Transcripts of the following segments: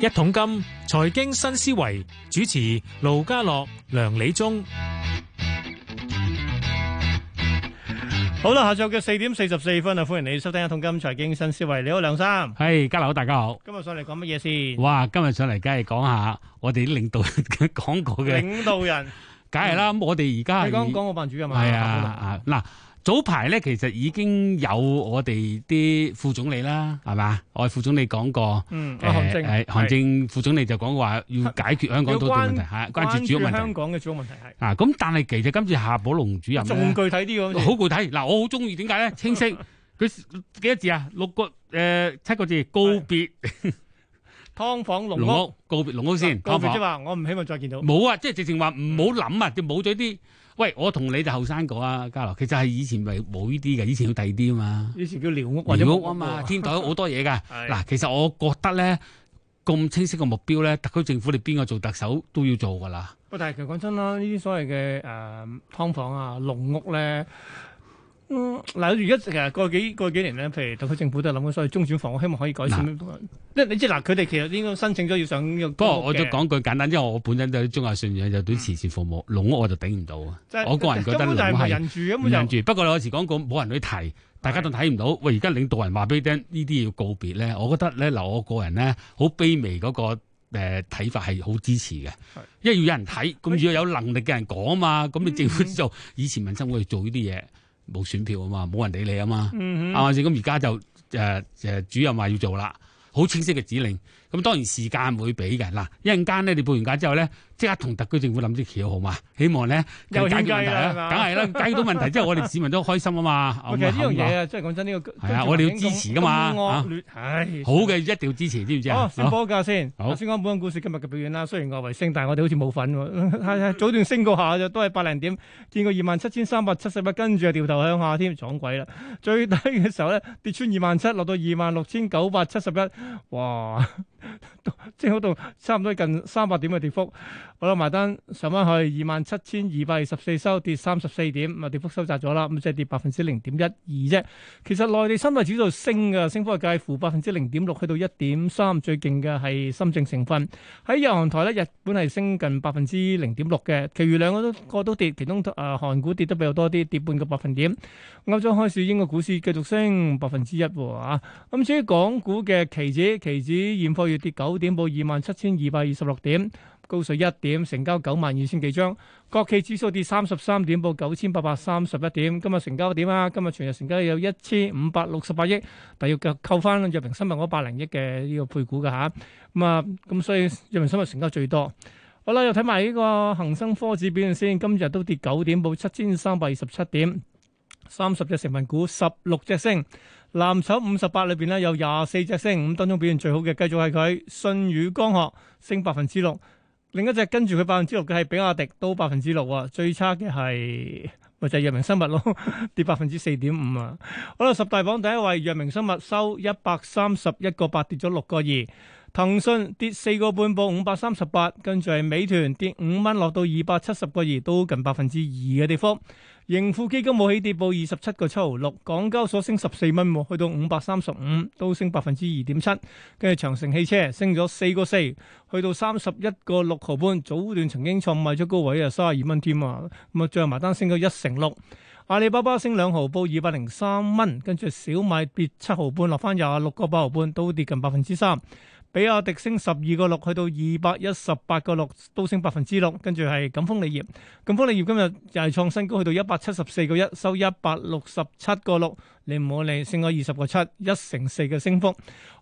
一桶金財經新思維，主持盧家樂、梁理中。好啦，下晝嘅四點四十四分啊，歡迎你收聽一桶金財經新思維。你好，梁生，係，家樓大家好，今日上嚟講乜嘢先？哇，今日上嚟梗係講下我哋啲領導人講過嘅，領導人，梗係啦。咁我哋而家講講個辦主任嘛，係啊，嗱。早排咧，其實已經有我哋啲副總理啦，係嘛？我係副總理講過，嗯，呃、韓正，係韓正副總理就講話要解決香港土地關問題，關注主要問題。香港嘅主要問題係啊，咁但係其實今次夏寶龍主任咧，好具體啲，好具體。嗱，我好中意點解咧？清晰，佢 幾多字啊？六個誒、呃，七個字，告別劏房籠屋，籠屋，告別籠屋先。告別即係房我唔希望再見到。冇啊，即係直情話唔好諗啊，就冇咗啲。喂，我同你哋後生講啊，家樂，其實係以前咪冇呢啲嘅，以前要第二啲啊嘛。以前叫寮屋或者寮屋啊嘛，嘛，天台好多嘢㗎。嗱 是，其實我覺得咧，咁清晰嘅目標咧，特區政府你邊個做特首都要做㗎啦。不過，但係其實講真啦，呢啲所謂嘅誒劏房啊、籠屋咧。嗯，嗱，而家其實過，過幾年咧，譬如特區政府都係諗咁，所以中轉房，我希望可以改善。因為那你知嗱，佢哋其實應該申請咗要上個公屋嘅。不過我再講句簡單，因為我本身都啲中亞信嘅，就對慈善服務籠屋我就頂唔到啊。即係、我個人覺得根本唔係人住咁住，不過有時講過冇人去提，大家都睇唔到。是喂，而家領導人話俾你聽呢啲要告別咧，我覺得咧嗱，留我個人咧好卑微嗰、那個睇、呃、法係好支持嘅。是因為要有人睇，咁如果有能力嘅人講嘛，咁你政府做以前民生會做呢啲嘢。冇選票啊嘛，冇人理你啊嘛，係咪先？咁而家就誒誒、呃呃、主任話要做啦，好清晰嘅指令。咁當然時間會俾嘅嗱，一陣間咧你報完價之後咧，即刻同特區政府諗啲橋好嘛？希望咧，又解決問題梗係啦，解決到問題之後，我哋市民都開心啊嘛。其實呢樣嘢啊，即係講真呢個係啊，我哋要支持噶嘛好嘅，一定要支持知唔知啊？先報價先，先講本港股市今日嘅表現啦。雖然外圍升，但係我哋好似冇份喎。早段升過下就都係百零點，見過二萬七千三百七十一，跟住就掉頭向下添，撞鬼啦！最低嘅時候咧，跌穿二萬七，落到二萬六千九百七十一，哇！即係好度差唔多近三百點嘅跌幅，好，好啦，埋單上翻去二萬七千二百二十四收，跌三十四點，啊跌幅收窄咗啦，咁即係跌百分之零點一二啫。其實內地三大指數升嘅，升幅係介乎百分之零點六，去到一點三，最勁嘅係深證成分。喺日韓台咧，日本係升近百分之零點六嘅，其餘兩個都個都跌，其中誒韓股跌得比較多啲，跌半個百分點。歐洲開始應該股市繼續升百分之一喎，吓，咁至於港股嘅期指，期指現貨。跌九點，報二萬七千二百二十六點，高水一點，成交九萬二千幾張。國企指數跌三十三點，報九千八百三十一點。今日成交點啊，今日全日成交有一千五百六十八億，但要扣翻藥明生物嗰百零億嘅呢個配股㗎吓。咁啊，咁所以藥明生物成交最多。好啦，又睇埋呢個恒生科指表現先，今日都跌九點，報七千三百二十七點，三十隻成分股，十六隻升。藍籌五十八裏邊咧有廿四隻升，五當中表現最好嘅繼續係佢信宇光學升百分之六，另一隻跟住佢百分之六嘅係比亞迪都百分之六啊，最差嘅係咪就係藥明生物咯，跌百分之四點五啊。好啦，十大榜第一位藥明生物收一百三十一個八，跌咗六個二。騰訊跌四個半報五百三十八，跟住係美團跌五蚊落到二百七十個二，都近百分之二嘅地方。盈富基金冇起跌，報二十七個七毫六。港交所升十四蚊，去到五百三十五，都升百分之二點七。跟住長城汽車升咗四個四，去到三十一個六毫半。早段曾經創賣出高位啊，三十二蚊添啊。咁啊，最後埋單升到一成六。阿里巴巴升兩毫，報二百零三蚊。跟住小米跌七毫半，落翻廿六個八毫半，都跌近百分之三。比亞迪升十二個六，去到二百一十八個六，都升百分之六。跟住係錦豐利業，錦豐利業今日又係創新高，去到一百七十四個一，收一百六十七個六，你唔好理，升咗二十個七，一成四嘅升幅。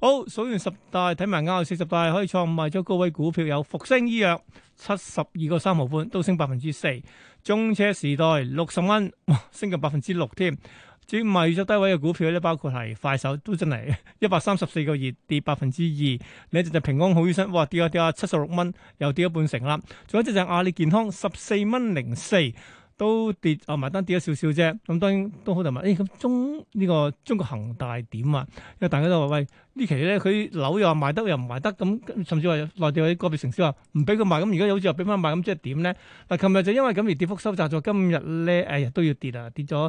好，數完十大，睇埋啱啱四十大，可以創埋咗高位股票有復星醫藥七十二個三毫半，5，都升百分之四。中車時代六十蚊，升近百分之六添。至於賣咗低位嘅股票咧，包括係快手都真係一百三十四個月跌百分之二。另一隻就平、是、安好醫生，哇跌啊跌啊，七十六蚊又跌咗半成啦。仲有一隻就係阿里健康十四蚊零四都跌，啊、哦、埋單跌咗少少啫。咁、嗯、當然都好多人問，誒、哎、咁中呢、這個中國恒大點啊？因為大家都話喂期呢期咧，佢樓又話賣得又唔賣得，咁、嗯、甚至話內地有啲個別城市話唔俾佢賣，咁而家又好似又俾翻賣，咁即係點咧？嗱、啊，琴日就因為咁而跌幅收窄咗，今日咧誒都要跌啊，跌咗。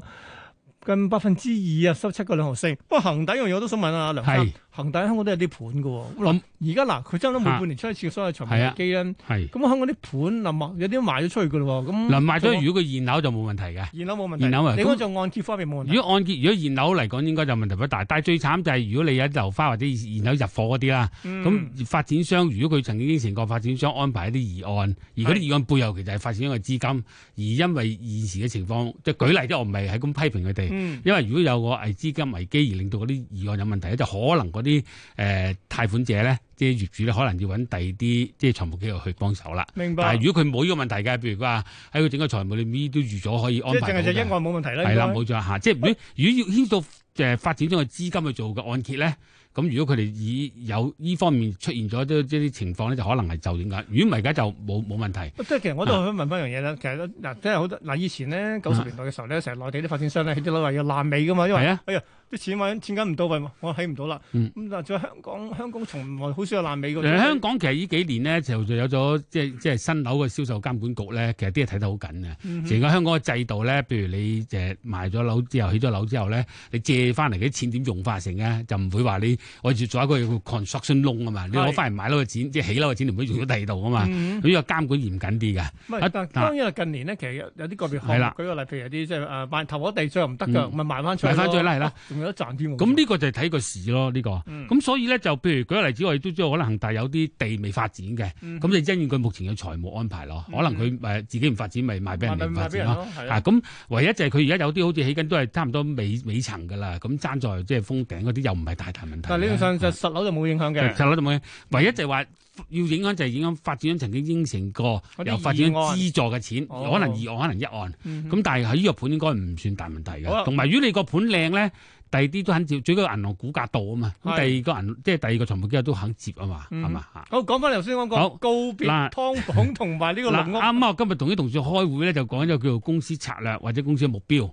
近百分之二啊，收七個兩毫升。不過恆底樣嘢我都想問啊，梁生。恒大香港都有啲盤嘅，咁而家嗱佢真係每半年出一次所有長期嘅基金，咁香港啲盤嗱賣有啲賣咗出去嘅咯，咁嗱賣咗如果佢現樓就冇問題嘅，現樓冇問題，現樓就按揭方面冇問題。如果按揭如果現樓嚟講應該就問題不大，但係最慘就係如果你有啲樓花或者現樓入貨嗰啲啦，咁發展商如果佢曾經承過發展商安排一啲預案，而嗰啲預案背後其實係發展商嘅資金，而因為現時嘅情況，即係舉例啫，我唔係喺咁批評佢哋，因為如果有個係資金危機而令到嗰啲預案有問題就可能啲誒、呃、貸款者咧，即係業主咧，可能要揾第二啲即係財務機構去幫手啦。明白。但如果佢冇呢個問題嘅，譬如話喺佢整個財務裏面都預咗可以安排即只應該。即係就一案冇問題啦。係啦、哎，冇錯嚇。即係如果要牽到誒、呃、發展中嘅資金去做個按揭咧，咁如果佢哋以有呢方面出現咗啲啲情況咧，就可能係就點解？如果唔係，而家就冇冇問題。即係其實我都想問翻一樣嘢啦。其實嗱，即係好多嗱，以前咧九十年代嘅時候咧，成日、啊、內地啲發展商咧，啲佬話要爛尾㗎嘛，因為啊。哎呀啲錢揾錢緊唔到位，我起唔到啦。咁嗱，再、嗯、香港香港從來好少有爛尾。香港其實呢幾年呢，就就有咗即係即係新樓嘅銷售監管局咧，其實啲嘢睇得好緊嘅。成個、嗯、哼香港嘅制度咧，譬如你誒賣咗樓之後起咗樓之後咧，你借翻嚟嘅錢點用化成啊？就唔會話你我住做一個 construction loan 啊嘛。是你攞翻嚟買樓嘅錢即係起樓嘅錢，唔可以用咗第二度啊嘛。所以個監管嚴謹啲嘅。但是啊，當然近年呢，其實有啲個別項目的舉個例子，譬如有啲即係誒買頭攞地再又唔得嘅，咪、嗯、賣翻出去翻出去啦，係啦。啊有得賺咁呢個就係睇個市咯。呢、呢個，咁、嗯、所以咧就譬如舉個例子，我哋都知道可能恒大有啲地未發展嘅，咁你、嗯嗯、因應佢目前嘅財務安排咯，嗯嗯可能佢自己唔發展，咪賣俾人哋發展咯。咁唯一就係佢而家有啲好似起緊都係差唔多尾尾層嘅啦，咁爭在即係封頂嗰啲又唔係太大問題。但係理論上就實樓就冇影響嘅，實樓就冇影響。唯一就係話，嗯要影響就係影響發展商曾經應承過由發展商資助嘅錢，可能二案可能一案，咁但係喺呢個盤應該唔算大問題嘅。同埋如果你個盤靚咧，第二啲都肯照最高個銀行估價度啊嘛。第二個銀即係第二個財務機構都肯接啊嘛，係嘛嚇？好，講翻頭先嗰個。好，告別劏房同埋呢個籠屋。啱啱我今日同啲同事開會咧，就講咗叫做公司策略或者公司嘅目標。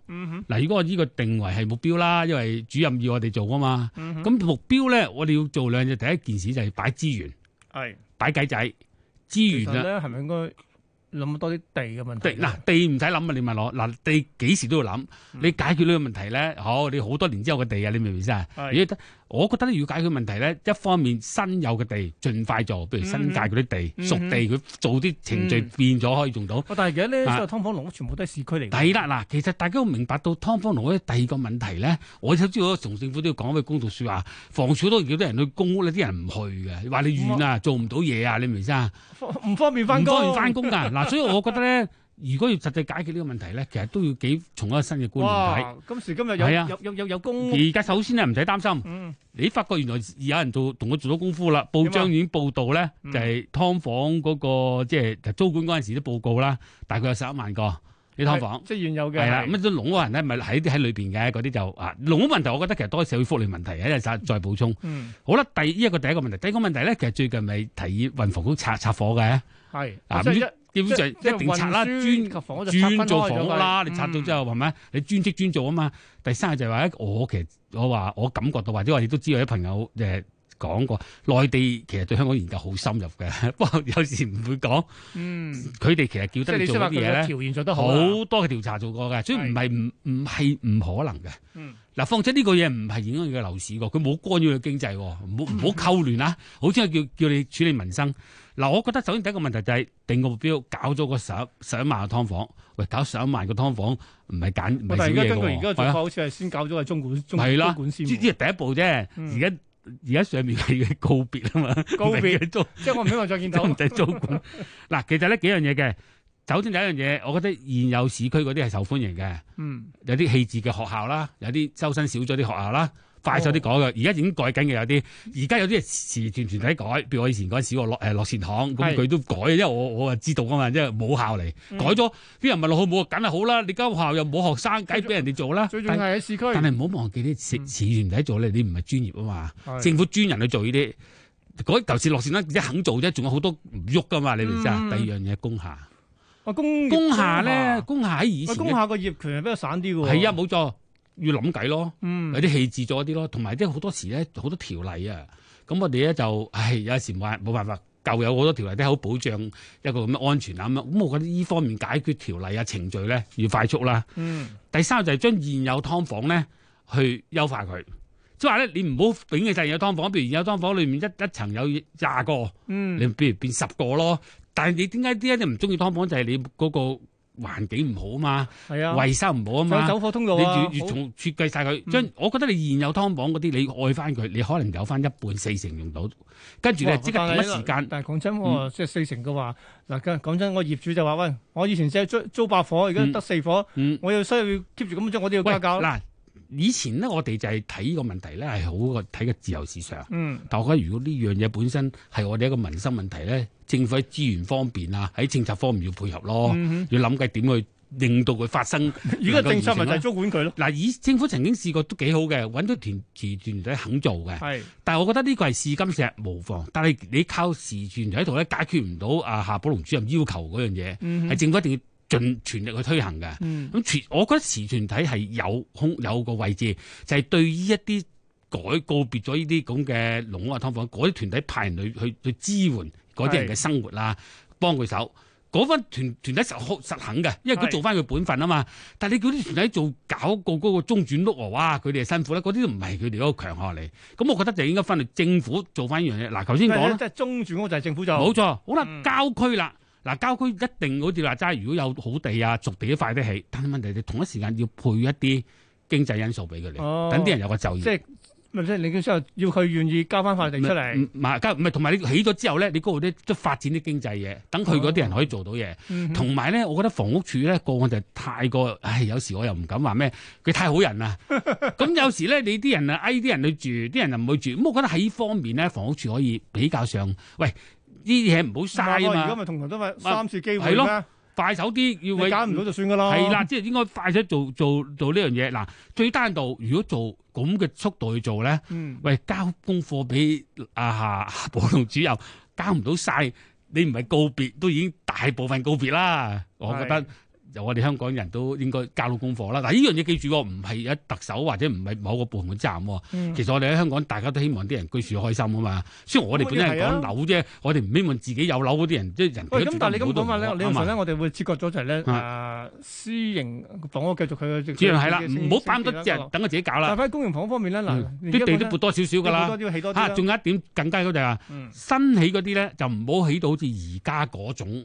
嗱，如果我呢個定為係目標啦，因為主任要我哋做啊嘛。咁目標咧，我哋要做兩隻，第一件事就係擺資源。係擺計仔資源，係咪應該.諗多啲地嘅問題。嗱，地唔使諗啊！你問我，嗱地幾時都要諗。嗯、你解決呢個問題咧，好，你好多年之後嘅地啊，你明唔明先啊？是我覺得要解決問題咧，一方面新有嘅地盡快做，譬如新界嗰啲地、嗯、熟地，佢做啲程序、嗯、變咗可以用到。啊、但係而家咧，因為劏房籠屋全部都係市區嚟。係啦、啊，嗱，其實大家都明白到劏房籠屋第二個問題咧，我都知道從政府都要講句公道説話，房署都幾多人去公屋咧，啲人唔去嘅，話你遠啊，我做唔到嘢啊，你明唔明先啊？唔方便翻工。唔方便翻工㗎。 所以我覺得咧，如果要實際解決呢個問題咧，其實都要幾從一個新嘅觀念睇。今時今日有、啊、有有有有工。而家首先咧唔使擔心，嗯、你發覺原來有人做，同我做咗功夫啦。報章已經報道咧，樣就係劏房嗰、那個，即係租管嗰陣時啲報告啦，大概有十一萬個。你、這個、劏房即係原有嘅。係啦，咁啲籠屋人咧，咪喺喺裏邊嘅嗰啲就啊，籠、嗯、屋、嗯嗯嗯啊、問題，我覺得其實多係社會福利問題一陣再再補充。嗯、好啦，第依一個第一個問題，第一個問題咧，其實最近咪提議運房局拆拆夥嘅。係。是啊基本上一定拆啦，專專做房屋啦。你拆到之後話咩？你專職專做啊嘛。第三就係話：，我其實我話我感覺到，或者我亦都知道有啲朋友誒講過，內地其實對香港研究好深入嘅，不過有時唔會講。嗯，佢哋其實叫得你做乜嘢咧，好多嘅調查做過嘅，所以唔係唔唔係唔可能嘅。嗯，嗱，況且呢個嘢唔係影響佢嘅樓市喎，佢冇干擾佢經濟，唔好唔好扣亂啊！好似係叫叫你處理民生。嗱，我覺得首先第一個問題就係定個目標，搞咗個十十一萬個劏房，喂，搞十一萬個劏房唔係緊唔少嘢嘅喎，但係而家根據而家做法，好似係先搞咗個中管、哎、呀中，中管先。呢啲係第一步啫，而家而家上面係嘅告別啊嘛，告別 租，即我唔希望再見到唔使 租管。嗱， 其實呢幾樣嘢嘅，首先第一樣嘢，我覺得現有市區嗰啲係受歡迎嘅、嗯，有啲棄置嘅學校啦，有啲周身少咗啲學校啦。快咗啲改嘅，而家已經改緊嘅有啲，而家有啲慈善團體改，譬如我以前嗰陣時，落誒落善堂，咁、呃、佢都改，因為我我啊知道㗎嘛，即係冇效嚟，改咗啲人問落好冇？梗係好啦，你間學校又冇學生，梗係俾人哋做啦。最重要係喺市區，但係唔好忘記啲慈善團體做咧，你唔係專業啊嘛，的政府專人去做呢啲，嗰舊時落善，得，肯做啫，仲有好多唔喐㗎嘛，你明唔明啊？嗯、第二樣嘢工廈，啊工工廈咧，工廈喺以前，工廈個業權比較散啲嘅喎，係啊，冇錯。要諗計咯，嗯、有啲細緻咗啲咯，同埋啲好多時咧好多條例啊，咁我哋咧就，唉，有陣時冇冇辦法，舊有好多條例都係好保障一個咁嘅安全啊咁樣，咁我覺得呢方面解決條例啊程序咧要快速啦。嗯、第三就係、是、將現有劏房咧去優化佢，即係話咧你唔好頂起現有劏房，譬如現有劏房裏面一一層有廿個，你譬如變十個咯，但係你點解啲人唔中意劏房就係、是、你嗰、那個？環境唔好啊嘛，係啊，維修唔好啊嘛，有走火通道、啊，你要要從設計晒佢，將，嗯、我覺得你現有湯房嗰啲，你愛翻佢，你可能有翻一半四成用到，跟住你又即刻停乜時間？但係講真，即係、嗯、四成嘅話，嗱，講真，我業主就話，喂，我以前即係租租八火，而家得四火，嗯嗯、我要需要 keep 住咁樣租，我都要加價。以前呢，我哋就係睇呢個問題咧，係好個睇個自由市場。嗯，但我覺得如果呢樣嘢本身係我哋一個民生問題咧，政府喺資源方面啊，喺政策方面要配合咯，要諗計點去令到佢發生。如果政策咪就係租管佢咯。嗱，以政府曾經試過都幾好嘅，揾咗團時團體肯做嘅。係是，但係我覺得呢個係試金石無妨。但係你靠時團體喺度咧解決唔到啊，夏寶龍主任要求嗰樣嘢，係、嗯、哼政府一定要。盡全力去推行嘅，咁、嗯、全，我覺得慈善團體係有空有個位置，就係、是、對於一啲改告別咗呢啲咁嘅籠屋啊、劏房嗰啲團體派人去去去支援嗰啲人嘅生活啦，是幫佢手，嗰班團團體實實肯嘅，因為佢做翻佢本分啊嘛。是但係你叫啲團體做搞個嗰個，個中轉屋，哇，佢哋係辛苦啦，嗰啲都唔係佢哋嗰個強項嚟。咁我覺得就應該分去政府做翻依樣嘢。嗱、啊，頭先講即係中轉屋就係政府做，冇錯。好啦，郊、嗯、區啦。嗱、啊，郊區一定好似話齋，如果有好地啊、熟地都快得起，但係問題你同一時間要配一啲經濟因素俾佢哋，等啲、哦、人有個就業。即係，即係你要佢願意交翻塊地出嚟。唔，係同埋你起咗之後咧，你嗰度都都發展啲經濟嘢，等佢嗰啲人可以做到嘢。同埋咧，我覺得房屋署咧個案就太過，唉，有時我又唔敢話咩，佢太好人啦。咁 有時咧，你啲人啊，嗌啲人去住，啲人又唔去住。咁我覺得喺呢方面咧，房屋署可以比較上，喂。呢啲嘢唔好嘥啊嘛，如果咪同埋都咪三次機會咩？快手啲要搞唔到就算噶啦。係啦，即係應該快手做做做呢樣嘢。嗱，最單度，如果做咁嘅速度去做咧，嗯、喂交功課俾阿阿保同主任，交唔到曬，你唔係告別，都已經大部分告別啦。我覺得。我哋香港人都應該教到功課啦。嗱，呢樣嘢記住，唔係一特首或者唔係某個部門站。嗯、其實我哋喺香港，大家都希望啲人家居住開心啊嘛。雖然我哋本身係講樓啫，我哋唔希望自己有樓嗰啲人即係人。咁但你咁講話咧，你相信咧，吧我哋會切割咗就係咧，嗯啊、私營房屋繼續佢主要係啦，唔好擺多隻人等佢自己搞啦。但係喺公營房方面咧，嗱、嗯，啲地都撥多少少㗎啦，仲、啊、有一點更加多就係、是，嗯、新起嗰啲咧就唔好起到好似而家嗰種。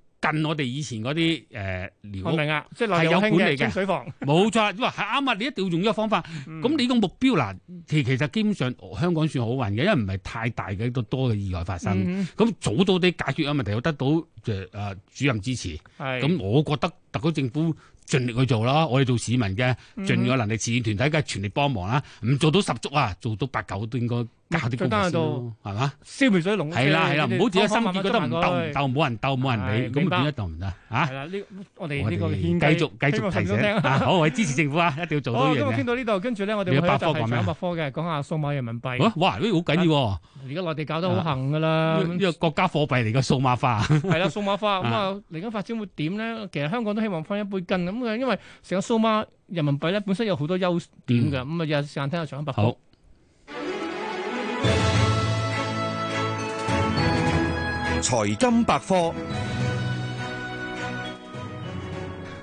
近我哋以前嗰啲誒寮屋，即係有管理嘅，有有清水房冇錯。哇，係啱啊！你一定要用呢個方法。咁、嗯、你個個目標嗱，其其實基本上香港算好運嘅，因為唔係太大嘅多多嘅意外發生。咁、嗯、早到啲解決嘅問題，有得到主任支持。咁是，我覺得特區政府盡力去做啦。我哋做市民嘅盡咗能力，慈善團體嘅全力幫忙啦。唔做到十足啊，做到八九都應該。搞啲好事係嘛？消滅水龍，係啦係啦，唔好、啊啊、自己心結覺得唔鬥唔鬥，冇人鬥冇人理，咁咪點得鬥唔得啊？係啦，呢、啊啊、我哋呢個繼續繼續提醒，啊、好我係支持政府啊，一定要做到嘢、啊啊。好，咁啊，傾到，啊哦、到呢度，跟住咧，我哋百就睇翻百科嘅，講下數碼人民幣。啊哇，好緊要喎、啊！而家、啊、內地搞得好行噶啦，呢個、啊、國家貨幣嚟嘅數碼化。係 啦、啊，數碼化咁啊，嚟緊發展會點咧？其實香港都希望翻一杯羹。咁因為成個數碼人民幣咧本身有好多優點嘅。咁啊，有時間聽下長亨百財金百科：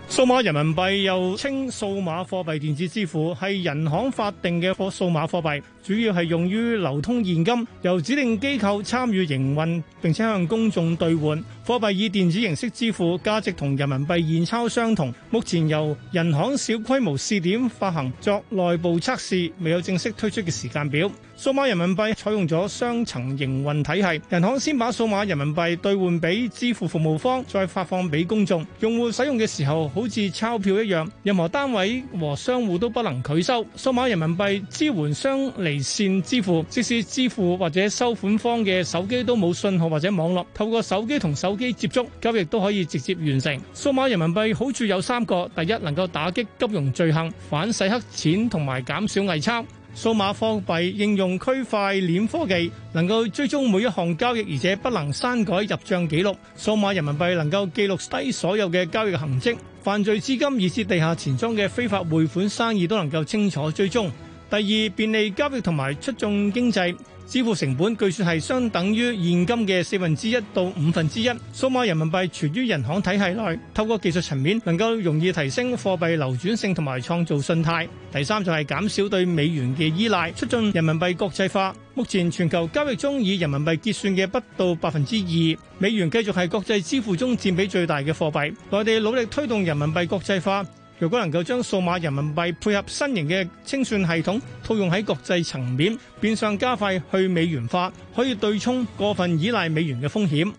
數碼人民幣又稱數碼貨幣、電子支付，係人行法定嘅一個數碼貨幣，主要係用於流通現金，由指定機構參與營運，並且向公眾兌換。貨幣以電子形式支付，價值同人民幣現鈔相同。目前由人行小規模試點發行作內部測試，未有正式推出嘅時間表。數碼人民幣採用咗雙層營運體系，人行先把數碼人民幣兌換俾支付服務方，再發放俾公眾。用戶使用嘅時候好似鈔票一樣，任何單位和商戶都不能拒收。數碼人民幣支援雙離線支付，即使支付或者收款方嘅手機都冇信號或者網絡，透過手機同手。接觸交易都可以直接完成。數碼人民幣好處有三個：第一，能夠打擊金融罪行、反洗黑錢同埋減少偽鈔。數碼貨幣應用區塊鏈科技，能夠追蹤每一項交易，而且不能刪改入賬記錄。數碼人民幣能夠記錄低所有嘅交易行跡，犯罪資金以至地下錢莊嘅非法匯款生意都能夠清楚追蹤。第二，便利交易同埋促進經濟。支付成本據說係相等於現金嘅四分之一到五分之一。數碼人民幣存於銀行體系內，透過技術層面能夠容易提升貨幣流轉性同埋創造信貸。第三就係減少對美元嘅依賴，促進人民幣國際化。目前全球交易中以人民幣結算嘅不到百分之二，美元繼續係國際支付中佔比最大嘅貨幣。內地努力推動人民幣國際化。如果能夠將數碼人民幣配合新型嘅清算系統套用喺國際層面，變相加快去美元化，可以對沖過分依賴美元嘅風險。